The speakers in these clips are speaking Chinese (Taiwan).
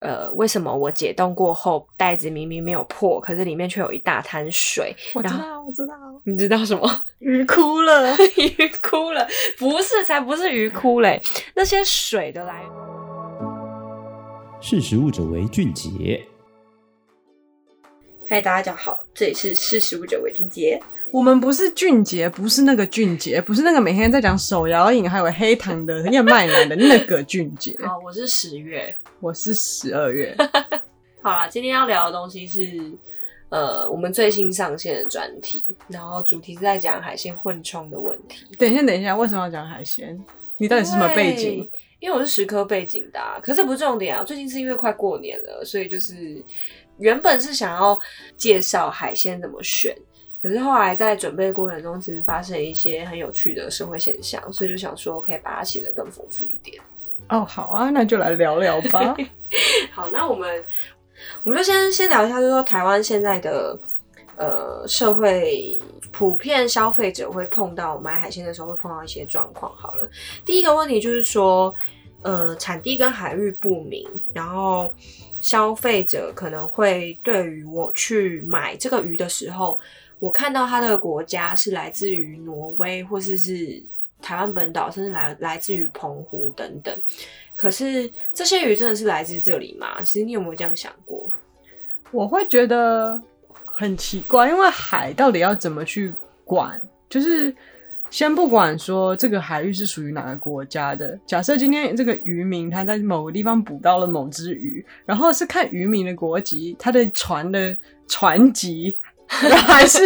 呃，為什麼我解凍過後，袋子明明沒有破，可是裡面卻有一大灘水？我知道，後我知道，你知道什麼？魚哭了， 魚哭了，不是，才不是魚哭嘞、欸， 那些水的來源。識食物者為俊傑。嗨，大家好，這裡是識食物者為俊傑。我們不是俊傑，不是那個俊傑，不是那個每天在講手搖飲還有黑糖的燕麥奶的那個俊傑。好，我是十月，我是十二月。 好了，今天要聊的東西是，呃，我們最新上線的專題，然後主題是在講海鮮混充的問題。等一下，等一下，為什麼要講海鮮？你到底是什麼背景？因為，因為我是食科背景的，啊，可是不是重點啊。最近是因為快過年了，所以就是原本是想要介紹海鮮怎麼選。可是後來在準備過程中，其實發生一些很有趣的社會現象，所以就想說可以把它寫得更豐富一點。哦，好啊，那就來聊聊吧。 好，那我們我們就先先聊一下，就是說台灣現在的呃社會，普遍消費者會碰到買海鮮的時候會碰到一些狀況。好了，第一個問題就是說，呃，產地跟海域不明，然後消費者可能會對於我去買這個魚的時候。我看到他的國家是來自於挪威，或是是台灣本島，甚至來來自於澎湖等等。可是這些魚真的是來自這裡嗎？其實你有沒有這樣想過？我會覺得很奇怪，因為海到底要怎麼去管？就是先不管說這個海域是屬於哪個國家的。假設今天這個漁民他在某個地方捕到了某隻魚，然後是看漁民的國籍，他的船的船籍。 還是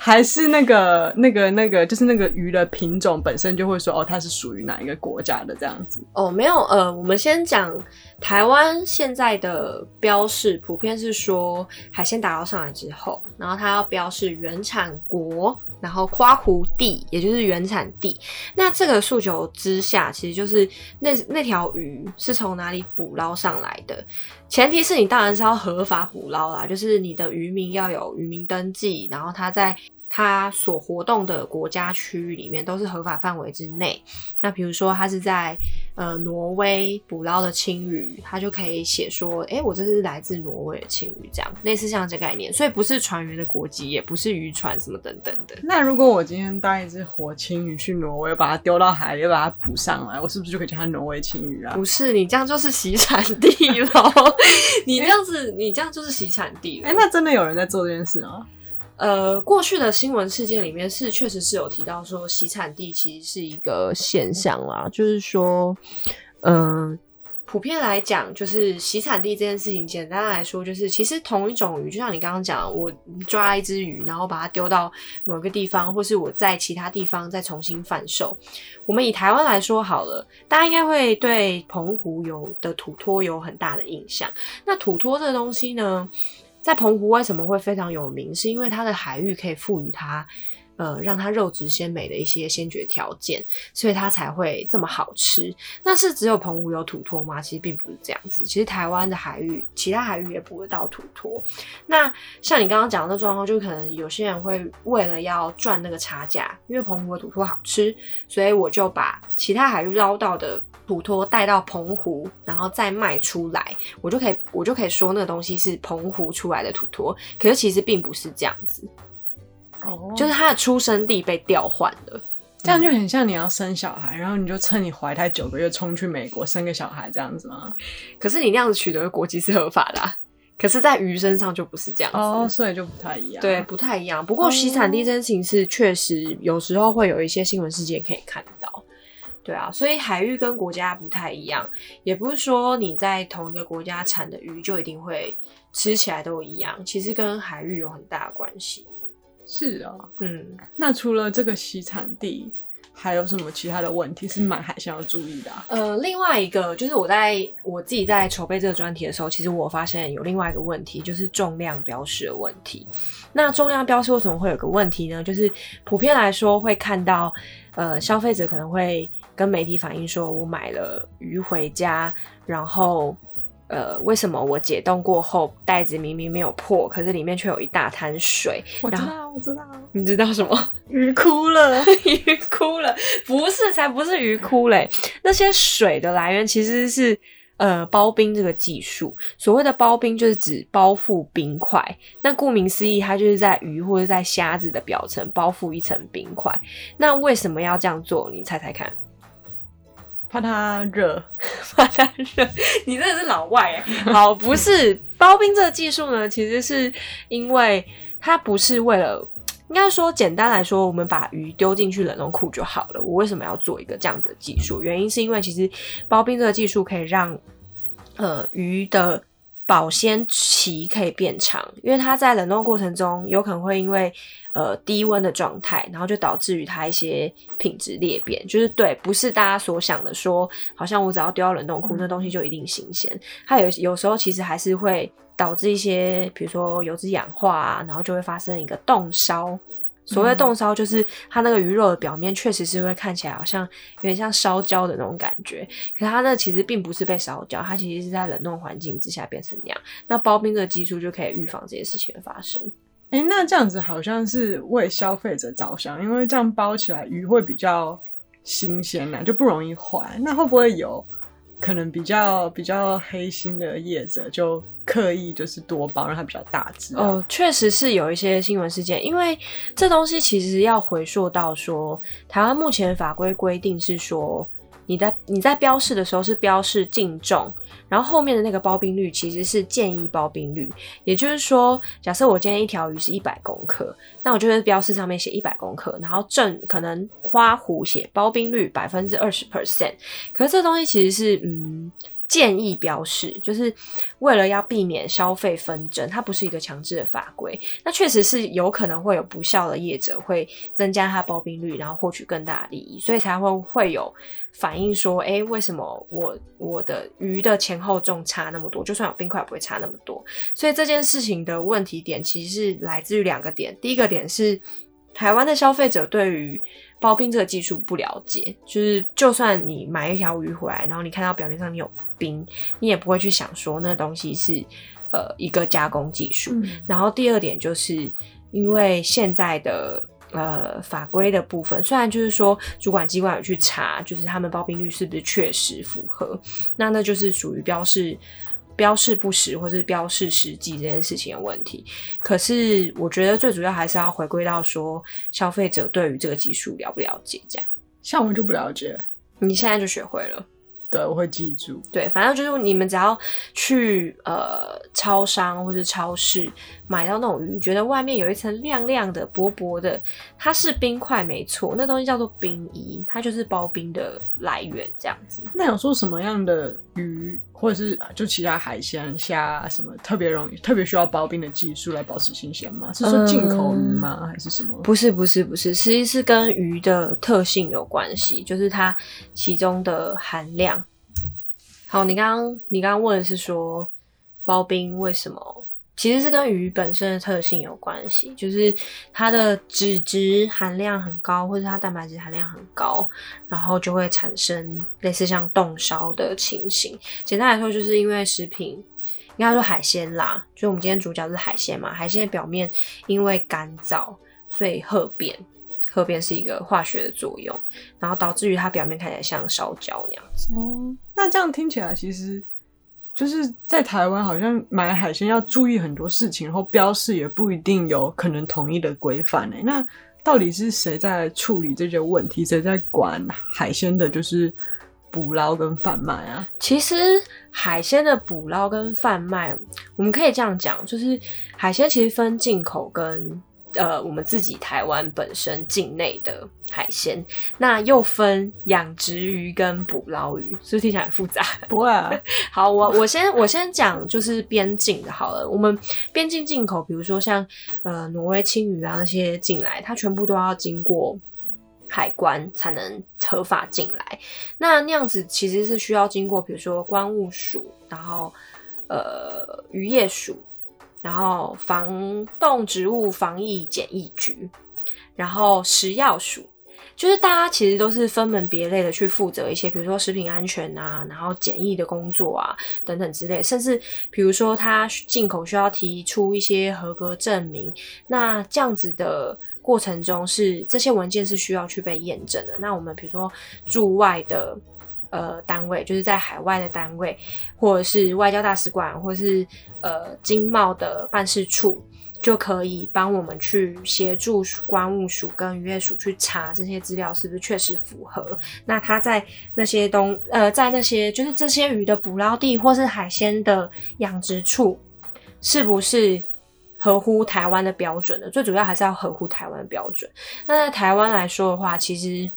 還是那個那個那個，就是那個魚的品種本身就會說哦，它，是屬於哪一個國家的這樣子。哦，沒有，呃，我們先講。台灣現在的標示普遍是說，海鮮打撈上來之後，然後它要標示原產國，然後誇湖地，也就是原產地。那這個訴求之下，其實就是那那條魚是從哪裡捕撈上來的？前提是你當然是要合法捕撈啦，就是你的漁民要有漁民登記，然後他在。他所活動的國家區域裡面都是合法範圍之內。那比如說，他是在呃挪威捕撈的鯖魚，他就可以寫說：“哎、欸，我這是來自挪威的鯖魚。”這樣類似像這概念。所以不是船員的國籍，也不是漁船什麼等等的。那如果我今天帶一只活鯖魚去挪威，把它丟到海裡，又把它捕上來，我是不是就可以叫它挪威鯖魚啊？不是，你這樣就是洗產地咯。 你這樣子，欸、你這樣就是洗產地。哎、欸，那真的有人在做這件事啊？呃，過去的新聞事件裡面是確實是有提到說，洗產地其實是一個現象啦，Okay. 就是說，嗯、呃，普遍來講，就是洗產地這件事情，簡單來說就是，其實同一種魚，就像你剛剛講，我抓一隻魚，然後把它丟到某個地方，或是我在其他地方再重新販售。我們以台灣來說好了，大家應該會對澎湖有的土托有很大的印象。那土托這個東西呢，在澎湖為什麼會非常有名，是因為它的海域可以賦予它，呃、嗯，讓它肉質鮮美的一些先決條件，所以它才會這麼好吃。那是只有澎湖有土托嗎？其實並不是這樣子。其實台灣的海域，其他海域也捕得到土托。那像你剛剛講的那狀況，就可能有些人會為了要賺那個差價，因為澎湖的土托好吃，所以我就把其他海域撈到的土托帶到澎湖，然後再賣出來，我就可以，我就可以說那個東西是澎湖出來的土托。可是其實並不是這樣子。就是他的出生地被調換了，這樣就很像你要生小孩，然後你就趁你懷胎九個月衝去美國生個小孩這樣子嗎？可是你那樣子取得國籍是合法的，啊，可是在魚身上就不是這樣子，oh, 所以就不太一樣。對，不太一樣。不過洗產地征形式確實有時候會有一些新聞事件可以看到。對啊，所以海域跟國家不太一樣，也不是說你在同一個國家產的魚就一定會吃起來都一樣，其實跟海域有很大的關係。是啊，嗯，那除了這個洗產地，還有什麼其他的問題是買海鮮要注意的啊？呃，另外一個就是我在我自己在籌備這個專題的時候，其實我發現有另外一個問題，就是重量標示的問題。那重量標示為什麼會有個問題呢？就是普遍來說會看到，呃，消費者可能會跟媒體反映說，我買了魚回家，然後。呃，為什麼我解凍過後，袋子明明沒有破，可是裡面卻有一大灘水？我知道，我知道。你知道什麼？魚哭了， 魚哭了，不是，才不是魚哭嘞。那些水的來源其實是，呃，包冰這個技術。所謂的包冰，就是指包覆冰塊。那顧名思義，它就是在魚或者在蝦子的表層包覆一層冰塊。那為什麼要這樣做？你猜猜看。怕它熱，怕它熱。你真的是老外哎、啊！好，不是，包冰這個技術呢，其實是因為它不是為了，應該說簡單來說，我們把魚丟進去冷凍庫就好了。我為什麼要做一個這樣子的技術？原因是因為其實包冰這個技術可以讓，呃，魚的。保鮮期可以變長，因為它在冷凍過程中有可能會因為呃低溫的狀態，然後就導致於它一些品質裂變，就是對，不是大家所想的說，好像我只要丟到冷凍庫，嗯、那東西就一定新鮮。它有有時候其實還是會導致一些，比如說油脂氧化啊，然後就會發生一個凍燒。所謂凍燒，就是它那個魚肉的表面確實是會看起來好像有點像燒焦的那種感覺，可它那其實並不是被燒焦，它其實是在冷凍環境之下變成那樣。那包冰的技術就可以預防這些事情的發生。欸，那這樣子好像是為消費者着想，因為這樣包起來魚會比較新鮮吶，就不容易壞。那會不會有可能比較比較黑心的業者就？刻意就是多包，讓它比較大隻哦。哦，確實是有一些新聞事件，因為這東西其實要回溯到說，台灣目前法規規定是說，你在你在標示的時候是標示淨重，然後後面的那個包冰率其實是建議包冰率，也就是說，假設我今天一條魚是一百公克，那我就會標示上面寫一百公克，然後正可能花糊寫包冰率百分之二十 percent，可是這東西其實是嗯。建議標示就是為了要避免消費紛爭，它不是一個強制的法規。那確實是有可能會有不肖的業者會增加它包冰率，然後獲取更大的利益，所以才會會有反應說：“哎、欸，為什麼我我的魚的前後重差那麼多？就算有冰塊，也不會差那麼多。”所以這件事情的問題點其實是來自於兩個點。第一個點是台灣的消費者對於包冰這個技術不了解，就是就算你買一條魚回來，然後你看到表面上你有冰，你也不會去想說那東西是呃一個加工技術。嗯、然後第二點就是，因為現在的呃法規的部分，雖然就是說主管機關有去查，就是他們包冰率是不是確實符合，那那就是屬於標示。標示不實或者標示實際這件事情有問題，可是我覺得最主要還是要回歸到說消費者對於這個技術了不了解這樣，像我就不了解了，你現在就學會了，對，我會記住，對，反正就是你們只要去呃，超商或是超市買到那種魚，覺得外面有一層亮亮的、薄薄的，它是冰塊沒錯，那東西叫做冰衣，它就是包冰的來源這樣子。那想說什麼樣的魚？或者是就其他海鮮蝦，什麼特別容易、特別需要包冰的技術來保持新鮮嗎？是說進口魚嗎？嗯、還是什麼？不是不是不是，其實是跟魚的特性有關係，就是它其中的含量。好，你剛剛、你剛剛問的是說包冰為什麼？其實是跟魚本身的特性有關係，就是它的脂質含量很高，或者它蛋白質含量很高，然後就會產生類似像凍燒的情形。簡單來說，就是因為食品應該說海鮮啦，就我們今天主角是海鮮嘛，海鮮表面因為乾燥，所以褐變，褐變是一個化學的作用，然後導致於它表面看起來像燒焦那樣子。哦，那這樣聽起來其實。就是在台灣，好像買海鮮要注意很多事情，然後標示也不一定有可能統一的規範耶，那到底是誰在處理這些問題？誰在管海鮮的，就是捕撈跟販賣啊？其實海鮮的捕撈跟販賣，我們可以這樣講，就是海鮮其實分進口跟。呃，我們自己台灣本身境內的海鮮，那又分養殖魚跟捕撈魚，所以聽起來很複雜。不會啊， 好，我我先我先講，就是邊境的好了。我們邊境進口，比如說像呃挪威鯖魚啊那些進來，它全部都要經過海關才能合法進來。那那樣子其實是需要經過，比如說關務署，然後呃漁業署。然後防動植物防疫檢疫局，然後食藥署，就是大家其實都是分門別類的去負責一些，比如說食品安全啊，然後檢疫的工作啊等等之類。甚至比如說他進口需要提出一些合格證明，那這樣子的過程中是這些文件是需要去被驗證的。那我們比如說駐外的。呃，單位就是在海外的單位，或者是外交大使館，或是呃經貿的辦事處，就可以幫我們去協助關務署跟漁業署去查這些資料是不是確實符合。那他在那些東呃，在那些就是這些魚的捕撈地，或是海鮮的養殖處，是不是合乎台灣的標準的？最主要還是要合乎台灣的標準。那在台灣來說的話，其實。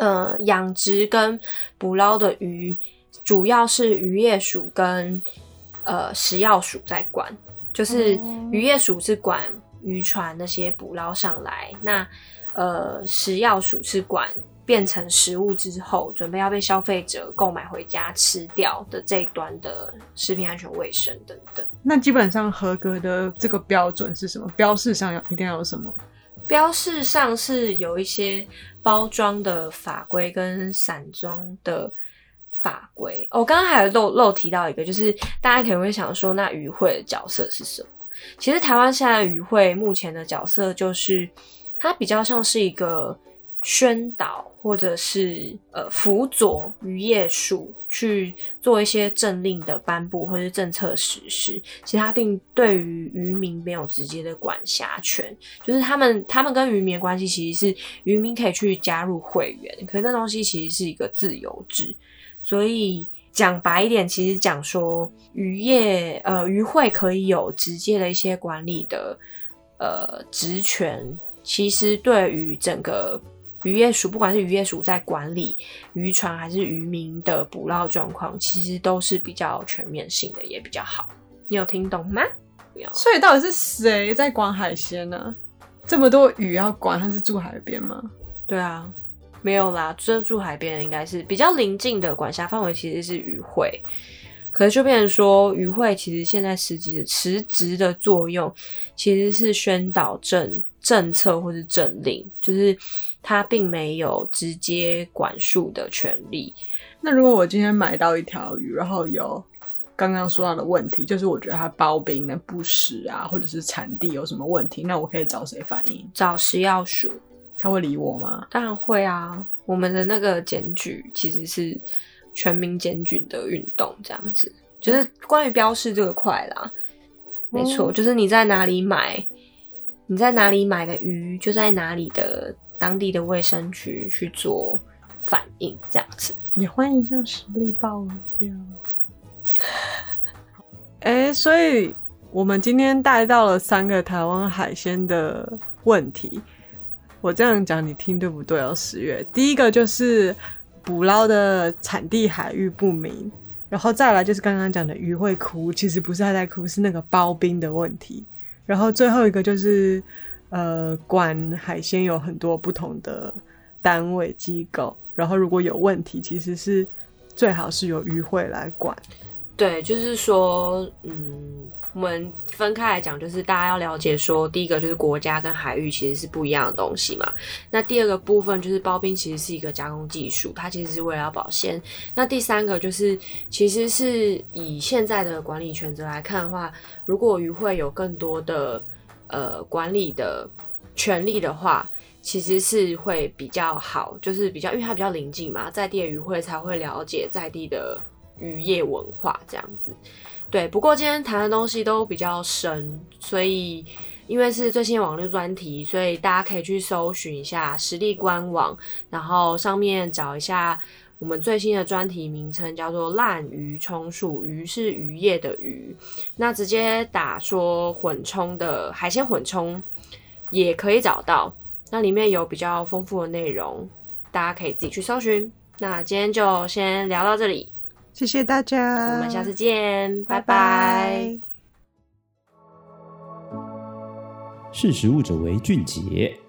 呃，養殖跟捕撈的魚，主要是漁業署跟呃食藥署在管，就是漁業署是管漁船那些捕撈上來，那呃食藥署是管變成食物之後，準備要被消費者購買回家吃掉的這一端的食品安全衛生等等。那基本上合格的這個標準是什麼？標示上要一定要有什麼？標示上是有一些包裝的法規跟散裝的法規。我剛剛還有漏漏提到一個，就是大家可能會想說，那漁會的角色是什麼？其實台灣現在的漁會目前的角色就是，它比較像是一個。宣導或者是呃輔佐漁業署去做一些政令的頒布或者是政策實施，其實它並對於漁民沒有直接的管轄權，就是他們他們跟漁民的關係其實是漁民可以去加入會員，可是那東西其實是一個自由制，所以講白一點，其實講說漁業呃漁會可以有直接的一些管理的呃職權，其實對於整個。漁業署不管是漁業署在管理漁船還是漁民的捕撈狀況，其實都是比較全面性的，也比較好。你有聽懂嗎？所以到底是誰在管海鮮呢？啊？這麼多魚要管，他是住海邊嗎？對啊，沒有啦。真、就是、住海邊應該是比較鄰近的管轄範圍，其實是漁會。可是就變成說，漁會其實現在實際的實質的作用，其實是宣導政政策或者政令，就是。他並沒有直接管束的權利。那如果我今天買到一條魚，然後有剛剛說到的問題，就是我覺得它包冰的不實啊，或者是產地有什麼問題，那我可以找誰反映？找食藥署，他會理我嗎？當然會啊。我們的那個檢舉其實是全民檢舉的運動，這樣子就是關於標示這個塊啦。嗯，沒錯，就是你在哪裡買，你在哪裡買的魚就在哪裡的。當地的衛生局去做反應，這樣子也歡迎向食力爆料。哎、 欸，所以我們今天帶到了三個台灣海鮮的問題。我這樣講你聽對不對哦，食月第一個就是捕撈的產地海域不明，然後再來就是剛剛講的魚會哭，其實不是它在哭，是那個包冰的問題。然後最後一個就是。呃，管海鮮有很多不同的單位機構，然後如果有問題，其實是最好是由漁會來管。對，就是說，嗯，我們分開來講，就是大家要了解說，第一個就是國家跟海域其實是不一樣的東西嘛。那第二個部分就是包冰其實是一個加工技術，它其實是為了要保鮮。那第三個就是，其實是以現在的管理權責來看的話，如果漁會有更多的。呃，管理的權力的話，其實是會比較好，就是比較因為它比較臨近嘛，在地的漁會才會了解在地的漁業文化這樣子。對，不過今天談的東西都比較深，所以因為是最新網絡專題，所以大家可以去搜尋一下食力官網，然後上面找一下。我們最新的專題名稱叫做“濫漁充數”，“魚”是漁業的“魚”，那直接打說“混充”的海鮮混充也可以找到，那裡面有比較豐富的內容，大家可以自己去搜尋。那今天就先聊到這裡，謝謝大家，我們下次見，拜拜。識食物者為俊傑。